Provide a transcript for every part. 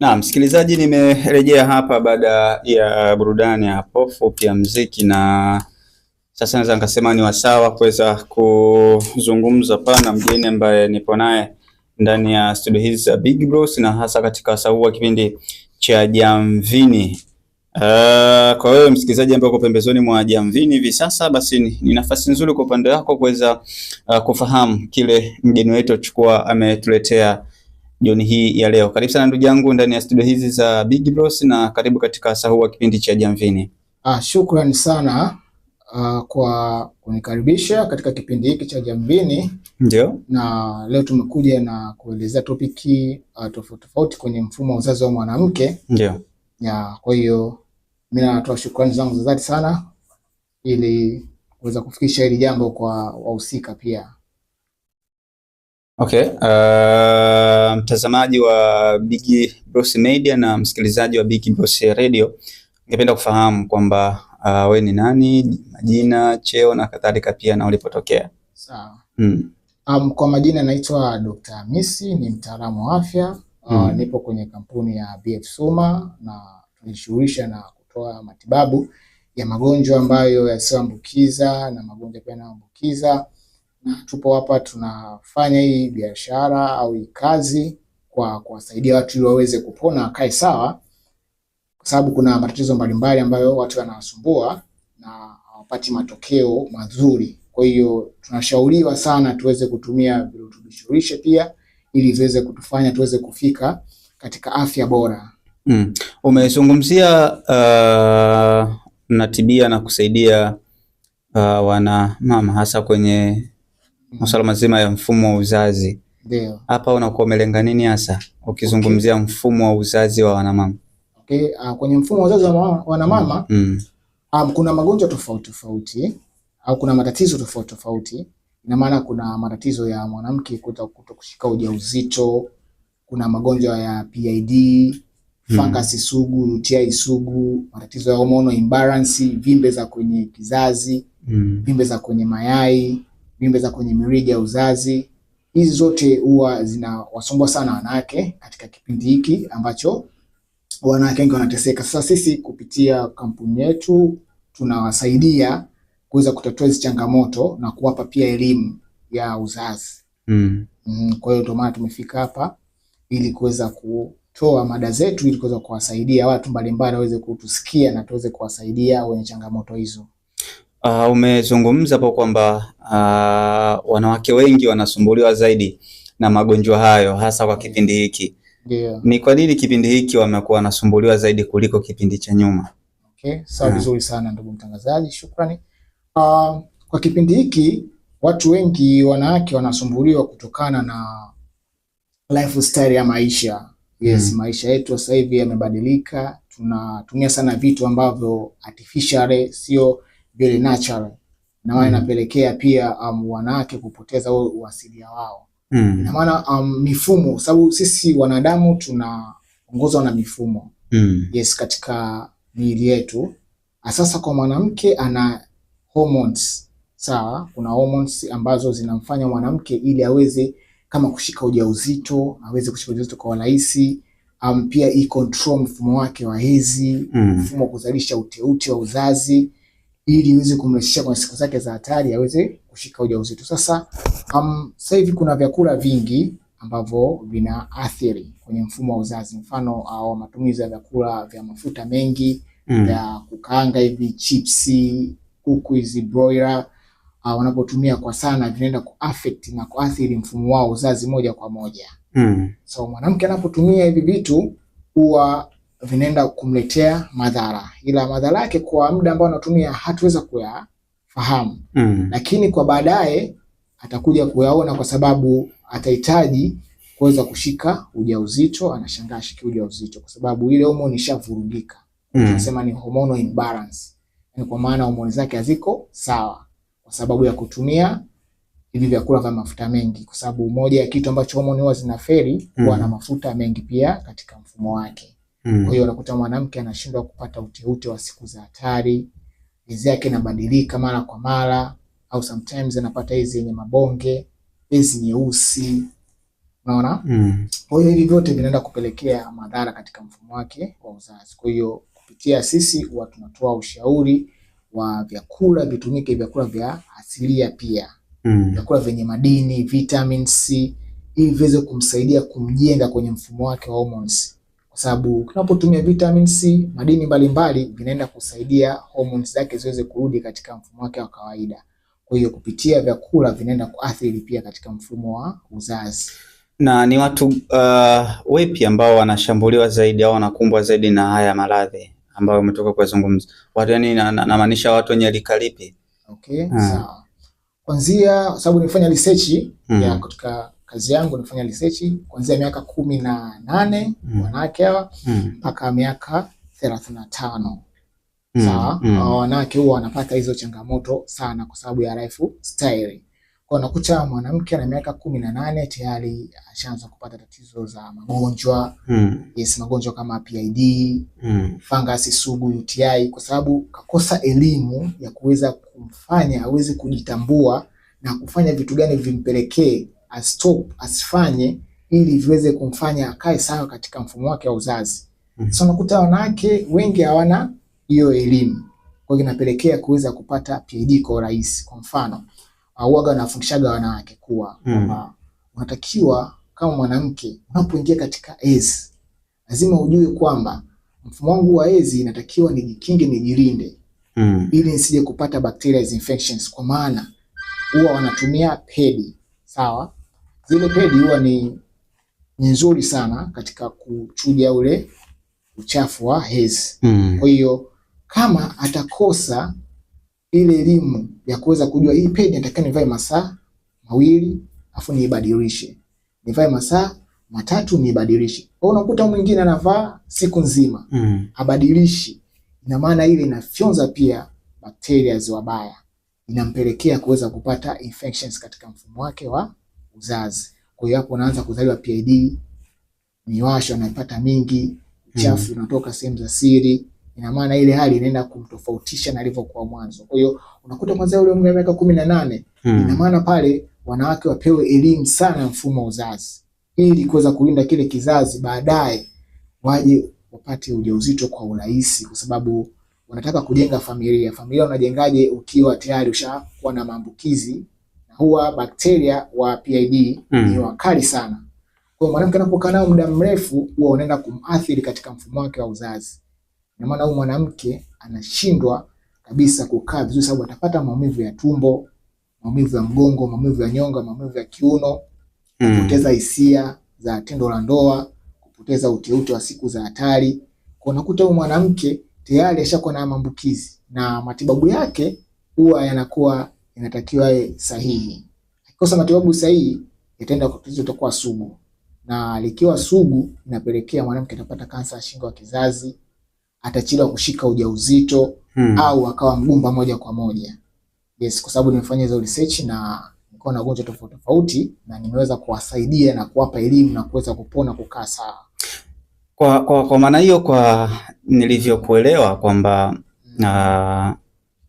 Na msikilizaji, nimerejea hapa baada ya burudani hapo fupi ya mziki, na sasa naweza nikasema ni wasawa kuweza kuzungumza pana na mgeni ambaye nipo naye ndani ya studio hizi za Big Bros na hasa katika wasawa wa kipindi cha Jamvini. Uh, kwa wewe msikilizaji ambaye uko pembezoni mwa Jamvini hivi sasa, basi ni nafasi nzuri kwa upande wako kuweza uh, kufahamu kile mgeni wetu chukua ametuletea jioni hii ya leo. Karibu sana ndugu yangu ndani ya studio hizi za Big Bros na karibu katika sahau kipindi cha Jamvini. Ah, shukrani sana Uh, kwa kunikaribisha katika kipindi hiki cha Jamvini. Ndio. Na leo tumekuja na kuelezea topiki uh, ah, tofauti tofauti kwenye mfumo wa uzazi wa mwanamke. Ndio. Ya, kwa hiyo mimi natoa shukrani zangu za dhati sana ili kuweza kufikisha hili jambo kwa wahusika pia. Okay, uh, mtazamaji wa Big Boss Media na msikilizaji wa Big Boss Radio, ningependa kufahamu kwamba uh, we ni nani, majina, cheo na kadhalika pia na ulipotokea. Sawa. Mm. Um, kwa majina naitwa Dr. Hamisi, ni mtaalamu wa afya mm. nipo kwenye kampuni ya BF Suma na tunajishughulisha na kutoa matibabu ya magonjwa ambayo yasiyoambukiza na magonjwa pia yanayoambukiza tupo hapa tunafanya hii biashara au hii kazi kwa kuwasaidia watu ili waweze kupona, wakae sawa, kwa sababu kuna matatizo mbalimbali ambayo watu wanawasumbua na hawapati matokeo mazuri. Kwa hiyo tunashauriwa sana tuweze kutumia virutubisho lishe pia ili viweze kutufanya tuweze kufika katika afya bora. Mm. Umezungumzia uh, natibia na kusaidia uh, wana mama hasa kwenye masuala mazima ya mfumo wa uzazi. Ndio. Hapa unakuwa umelenga nini hasa ukizungumzia okay. mfumo wa uzazi wa wanamama? Okay, uh, kwenye mfumo wa uzazi wa wanamama mm. um, kuna magonjwa tofauti tofauti au kuna matatizo tofauti tofauti. Ina maana kuna matatizo ya mwanamke kushika ujauzito, kuna magonjwa ya PID, hmm. fangasi sugu, UTI sugu, matatizo ya hormonal imbalance, vimbe za kwenye kizazi, mm. vimbe za kwenye mayai, mimba za kwenye mirija ya uzazi, hizi zote huwa zinawasumbua sana wanawake katika kipindi hiki ambacho wanawake wengi wanateseka. Sasa sisi kupitia kampuni yetu tunawasaidia kuweza kutatua hizi changamoto na kuwapa pia elimu ya uzazi. Mm. Mm, kwa hiyo ndio maana tumefika hapa ili kuweza kutoa mada zetu ili kuweza kuwasaidia watu mbalimbali waweze kutusikia na tuweze kuwasaidia wenye changamoto hizo. Uh, umezungumza hapo kwamba uh, wanawake wengi wanasumbuliwa zaidi na magonjwa hayo hasa kwa kipindi hiki. Yeah. Ni kwa nini kipindi hiki wamekuwa wanasumbuliwa zaidi kuliko kipindi cha nyuma? Okay, sawa hmm. vizuri sana ndugu mtangazaji, shukrani. Uh, kwa kipindi hiki watu wengi wanawake wanasumbuliwa kutokana na lifestyle ya maisha. Yes, mm. Maisha yetu sasa hivi yamebadilika, tunatumia sana vitu ambavyo artificial sio very mm. natural na wao mm. inapelekea pia um, wanawake kupoteza uasilia wao mm. na maana um, mifumo, sababu sisi wanadamu tunaongozwa na mifumo mm. yes, katika miili yetu. Sasa kwa mwanamke ana hormones sawa, kuna hormones ambazo zinamfanya mwanamke ili aweze kama kushika ujauzito, aweze kushika ujauzito kwa urahisi um, pia i control mfumo wake wa hezi mm. mfumo wa kuzalisha uteute wa uzazi ili iweze kumrahisisha kwa siku zake za hatari aweze kushika ujauzito. Sasa um, sasa hivi kuna vyakula vingi ambavyo vinaathiri kwenye mfumo wa uzazi, mfano au matumizi ya vyakula vya mafuta mengi mm. vya mm. kukaanga hivi chipsi, kuku hizi broiler uh, wanapotumia kwa sana vinaenda kuaffect na kuathiri mfumo wao uzazi moja kwa moja mm. So mwanamke anapotumia hivi vitu huwa vinaenda kumletea madhara, ila madhara yake kwa muda ambao anatumia hatuweza kuyafahamu mm. Lakini kwa baadaye atakuja kuyaona, kwa sababu atahitaji kuweza kushika ujauzito. Anashangaa shiki ujauzito kwa sababu ile homoni ishavurugika mm. Tunasema ni hormonal imbalance, yani kwa maana homoni zake haziko sawa kwa sababu ya kutumia hivi vyakula vya mafuta mengi, kwa sababu moja ya kitu ambacho homoni huwa zinaferi mm. huwa mm. na mafuta mengi pia katika mfumo wake. Mm. Kwa hiyo unakuta mwanamke anashindwa kupata uteute wa siku za hatari, hedhi yake inabadilika mara kwa mara, au sometimes anapata hizi yenye mabonge, hizi nyeusi, unaona? Mm. Kwa hiyo hivi vyote vinaenda kupelekea madhara katika mfumo wake wa uzazi. Kwa hiyo kupitia sisi huwa tunatoa ushauri wa vyakula vitumike, vyakula vya asilia pia mm. vyakula vyenye madini, vitamin C ili viweze kumsaidia kumjenga kwenye mfumo wake wa hormones kwa sababu tunapotumia vitamin C, madini mbalimbali vinaenda kusaidia hormones zake ziweze kurudi katika mfumo wake wa kawaida. Kwa hiyo kupitia vyakula vinaenda kuathiri pia katika mfumo wa uzazi. Na ni watu uh, wepi ambao wanashambuliwa zaidi au wanakumbwa zaidi na haya maradhi ambayo umetoka kuyazungumza? Watu yani namaanisha na, na watu wenye lika lipi? Okay, hmm. sawa. Kwanza, sababu nilifanya research ya hmm. kutoka kazi yangu nafanya research kuanzia miaka kumi na nane mm. wanawake hawa mm. mpaka mm. miaka thelathini na tano mm. sawa mm. wanawake huwa wanapata hizo changamoto sana kwa sababu ya style kwa nakuta mwanamke na miaka kumi na nane tayari ashaanza kupata tatizo za magonjwa mm. yes, magonjwa kama PID mm. fangasi sugu, UTI, kwa sababu kakosa elimu ya kuweza kumfanya aweze kujitambua na kufanya vitu gani vimpelekee astop asifanye ili viweze kumfanya akae sawa katika mfumo wake wa uzazi. Mm -hmm. So unakuta wanawake wengi hawana hiyo elimu, kwa hiyo inapelekea kuweza kupata PID kwa urahisi. Kwa mfano auaga ah, anafundishaga wanawake kuwa mm -hmm. unatakiwa kama mwanamke unapoingia katika hedhi lazima ujue kwamba mfumo wangu wa hedhi inatakiwa nijikinge, nijilinde mm. ili nisije kupata bacteria infections, kwa maana huwa wanatumia pedi sawa, Zile pedi huwa ni ni nzuri sana katika kuchuja ule uchafu wa hezi. Mm. Kwa hiyo kama atakosa ile elimu ya kuweza kujua hii pedi natakiwa nivae masaa mawili afu niibadilishe, nivae masaa matatu niibadilishe. Kwa unakuta mwingine anavaa siku nzima mm. abadilishi, ina maana ile inafyonza pia bakteria wabaya, inampelekea kuweza kupata infections katika mfumo wake wa uzazi. Kwa hiyo hapo unaanza kuzaliwa PID, miwasho anapata mingi, chafu inatoka hmm. unatoka sehemu za siri. Ina maana ile hali inaenda kumtofautisha na alivyokuwa mwanzo. Kwa hiyo unakuta kwanza yule mwenye miaka kumi na nane, hmm. ina maana pale wanawake wapewe elimu sana ya mfumo wa uzazi ili kuweza kulinda kile kizazi baadaye waje wapate ujauzito kwa urahisi, kwa sababu wanataka kujenga familia. Familia unajengaje ukiwa tayari ushakuwa na maambukizi huwa bakteria wa PID mm. ni wakali sana. Kwa mwanamke anapokaa nao muda mrefu, huwa unaenda kumathiri katika mfumo wake wa uzazi. Ndio maana huyu mwanamke anashindwa kabisa kukaa vizuri, sababu atapata maumivu ya tumbo, maumivu ya mgongo, maumivu ya nyonga, maumivu ya kiuno, mm. kupoteza mm. hisia za tendo la ndoa, kupoteza uteute wa siku za hatari. Kwa unakuta huyu mwanamke tayari ashakuwa na maambukizi na matibabu yake huwa yanakuwa inatakiwa awe sahihi. Akikosa matibabu sahihi, itaenda tatizo itakuwa sugu, na likiwa sugu inapelekea mwanamke atapata kansa ya shingo ya kizazi, atachelewa kushika ujauzito hmm, au akawa mgumba moja kwa moja. Yes, kwa sababu nimefanya hizo research na niko na ugonjwa tofauti tofauti na nimeweza kuwasaidia na kuwapa elimu na kuweza kupona kukaa sawa. Kwa kwa, kwa maana hiyo kwa nilivyokuelewa kwamba hmm, ah,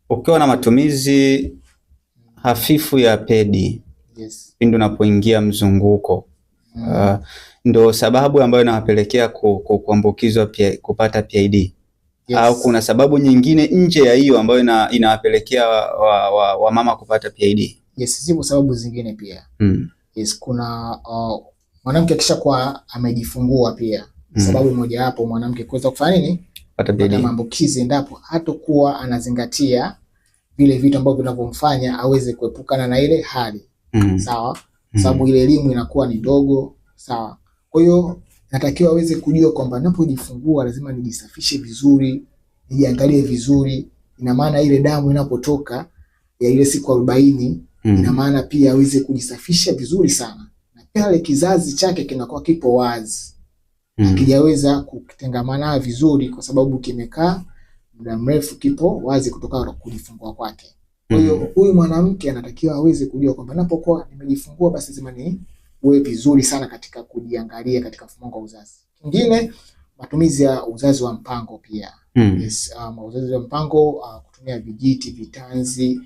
ukiwa na matumizi hafifu ya pedi yes, pindi unapoingia mzunguko mm. Uh, ndo sababu ambayo inawapelekea kuambukizwa ku, kupata PID yes. Au kuna sababu nyingine nje ya hiyo ambayo inawapelekea wamama wa, wa kupata PID? Yes, zipo sababu zingine pia mm. Yes, kuna uh, mwanamke akishakuwa amejifungua pia mm. Sababu moja hapo mwanamke kuweza kufanya nini, kupata maambukizi endapo hatakuwa anazingatia vile vitu ambavyo vinavyomfanya aweze kuepukana na ile hali mm. Sawa, mm-hmm. sababu mm. ile elimu inakuwa ni ndogo. Sawa, kwa hiyo natakiwa aweze kujua kwamba ninapojifungua lazima nijisafishe vizuri, nijiangalie vizuri. Ina maana ile damu inapotoka ya ile siku arobaini mm. ina maana pia aweze kujisafisha vizuri sana, na pale kizazi chake kinakuwa kipo wazi, akijaweza mm. kutengamana vizuri, kwa sababu kimekaa muda mrefu kipo wazi kutokana na kujifungua kwake. Kwa hmm. hiyo mm huyu mwanamke anatakiwa aweze kujua kwamba napokuwa nimejifungua basi lazima ni uwe vizuri sana katika kujiangalia katika mfumo wa uzazi. Kingine matumizi ya uzazi wa mpango pia. Mm. Yes, um, uzazi wa mpango uh, kutumia vijiti, vitanzi,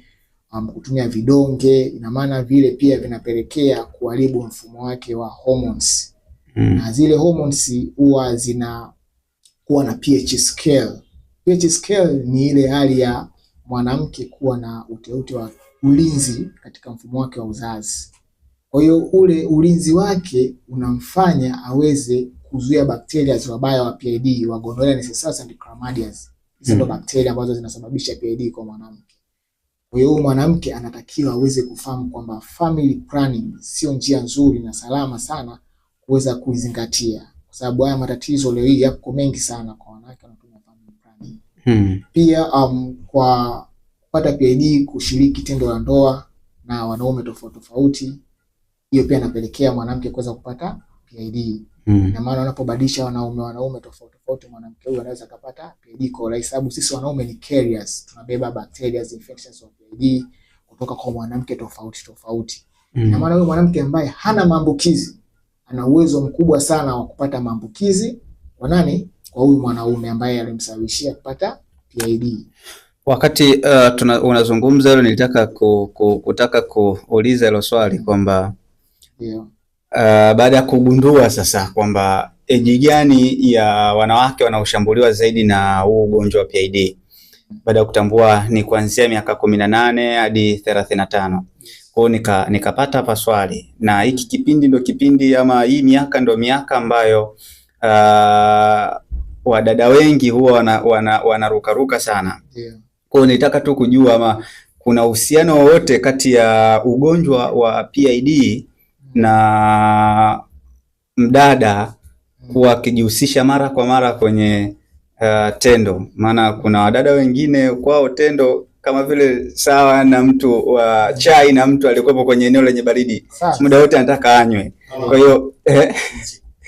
um, kutumia vidonge, ina maana vile pia vinapelekea kuharibu mfumo wake wa hormones. Mm. Na zile hormones huwa zina kuwa na pH scale PH scale ni ile hali ya mwanamke kuwa na uteute wa ulinzi katika mfumo wake wa uzazi. Kwa hiyo ule ulinzi wake unamfanya aweze kuzuia bakteria wabaya wa PID wa gonorrhea, Necrosis and Chlamydia. Hizo ndo hmm. bakteria ambazo zinasababisha PID kwa mwanamke. Kwa hiyo mwanamke anatakiwa aweze kufahamu kwamba family planning sio njia nzuri na salama sana kuweza kuizingatia, kwa sababu haya matatizo leo hii yako mengi sana kwa wanawake. Hmm. Pia um, kwa kupata PID kushiriki tendo la ndoa na wanaume tofauti tofauti, hiyo pia inapelekea mwanamke kuweza kupata PID. Hmm. na maana unapobadilisha wanaume wanaume tofauti tofauti, mwanamke huyo anaweza kupata PID kwa urahisi, sababu sisi wanaume ni carriers, tunabeba bacteria infections of PID kutoka kwa mwanamke tofauti tofauti. Hmm. na maana huyu mwanamke ambaye hana maambukizi ana uwezo mkubwa sana wa kupata maambukizi kwa nani? kwa huyu mwanaume ambaye alimsababishia kupata PID. Wakati uh, tuna, unazungumza hilo nilitaka ku, ku, kutaka kuuliza hilo swali kwamba yeah. Uh, baada ya kugundua sasa kwamba eji gani ya wanawake wanaoshambuliwa zaidi na huu ugonjwa wa PID baada ya kutambua ni kuanzia miaka kumi na nane hadi thelathini na tano kwao nika, nikapata hapa swali na hiki kipindi ndo kipindi ama hii miaka ndo miaka ambayo uh, wadada wengi huwa wanarukaruka wana, wana sana yeah. Kwa hiyo nitaka tu kujua ama kuna uhusiano wowote kati ya ugonjwa wa PID hmm. na mdada hmm. kuwa akijihusisha mara kwa mara kwenye uh, tendo. Maana kuna wadada wengine kwao tendo kama vile sawa na mtu wa uh, chai na mtu alikuwepo kwenye eneo lenye baridi muda wote anataka anywe, kwa hiyo eh,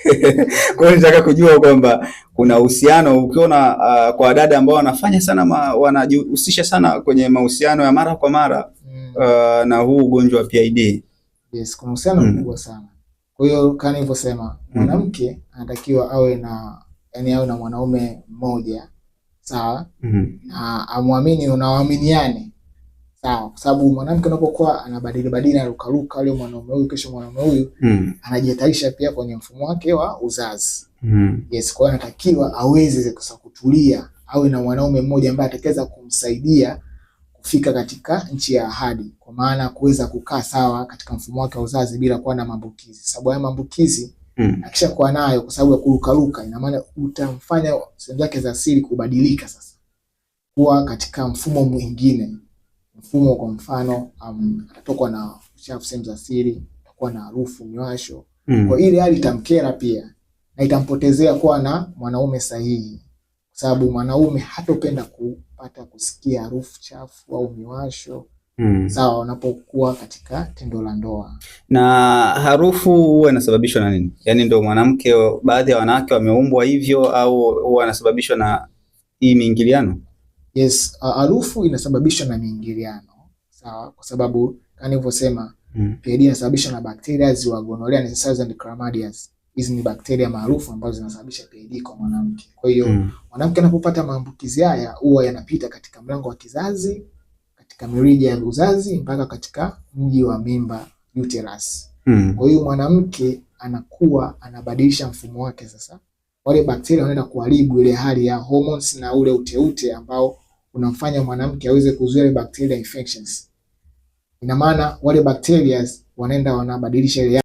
Kwa hiyo nataka kujua kwamba kuna uhusiano ukiona, uh, kwa dada ambao wanafanya sana wanajihusisha sana kwenye mahusiano ya mara kwa mara uh, na huu ugonjwa wa PID. Yes, kuna uhusiano mm. mkubwa sana. Kwa hiyo kama nilivyosema, mm. mwanamke anatakiwa awe na yani awe na mwanaume mmoja sawa, mm-hmm. na amwamini, unawaaminiane sawa, kwa sababu mwanamke unapokuwa anabadili badili na ruka ruka, yule mwanaume huyu, kesho mwanaume huyu mm. anajitayarisha pia kwenye mfumo wake wa uzazi mm. yes, kwa hiyo anatakiwa aweze kusa kutulia, awe na mwanaume mmoja ambaye atakaweza kumsaidia kufika katika nchi ya ahadi, kwa maana kuweza kukaa sawa katika mfumo wake wa uzazi bila kuwa na maambukizi, sababu haya maambukizi mm. akisha kuwa nayo kwa sababu ya kurukaruka, ina maana utamfanya sehemu zake za siri kubadilika, sasa kuwa katika mfumo mwingine mfumo. Kwa mfano um, atokwa na uchafu sehemu za siri, atakuwa na harufu, miwasho mm. Kwa ile hali itamkera pia na itampotezea kuwa na mwanaume sahihi, kwa sababu mwanaume hatopenda kupata kusikia harufu chafu au miwasho mm. Sawa, unapokuwa katika tendo la ndoa. Na harufu huwa inasababishwa na nini? Yaani ndio mwanamke, baadhi ya wanawake wameumbwa hivyo, au huwa anasababishwa na hii miingiliano? Yes, harufu uh, inasababishwa na miingiliano sawa, kwa sababu kama nilivyosema mm. PID inasababishwa na bakteria wa gonorrhea, necrosis and chlamydias. Hizi ni bakteria maarufu ambazo zinasababisha PID kwa mwanamke. Kwa hiyo mm. mwanamke anapopata maambukizi haya huwa yanapita katika mlango wa kizazi, katika mirija ya uzazi mpaka katika mji wa mimba uterus. Mm. Kwa hiyo mwanamke anakuwa anabadilisha mfumo wake sasa. Wale bakteria wanaenda kuharibu ile hali ya hormones na ule uteute ambao unamfanya mwanamke aweze kuzuia ile bacteria infections. Ina maana wale bacteria wanaenda wanabadilisha ile